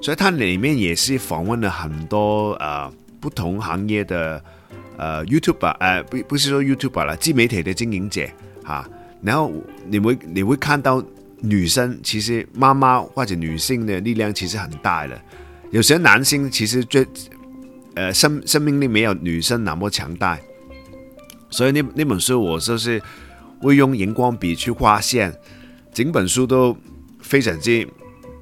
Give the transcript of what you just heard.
所以它裏面也是訪問了很多啊、呃、不同行業的，呃 YouTuber，呃，不不是說 YouTuber 啦，自媒體的經營者哈。然後你會你會看到女生其實媽媽或者女性的力量其實很大的，有些男性其實最，呃生生命力沒有女生那麼強大，所以那那本書我就是會用熒光筆去畫線，整本書都非常之。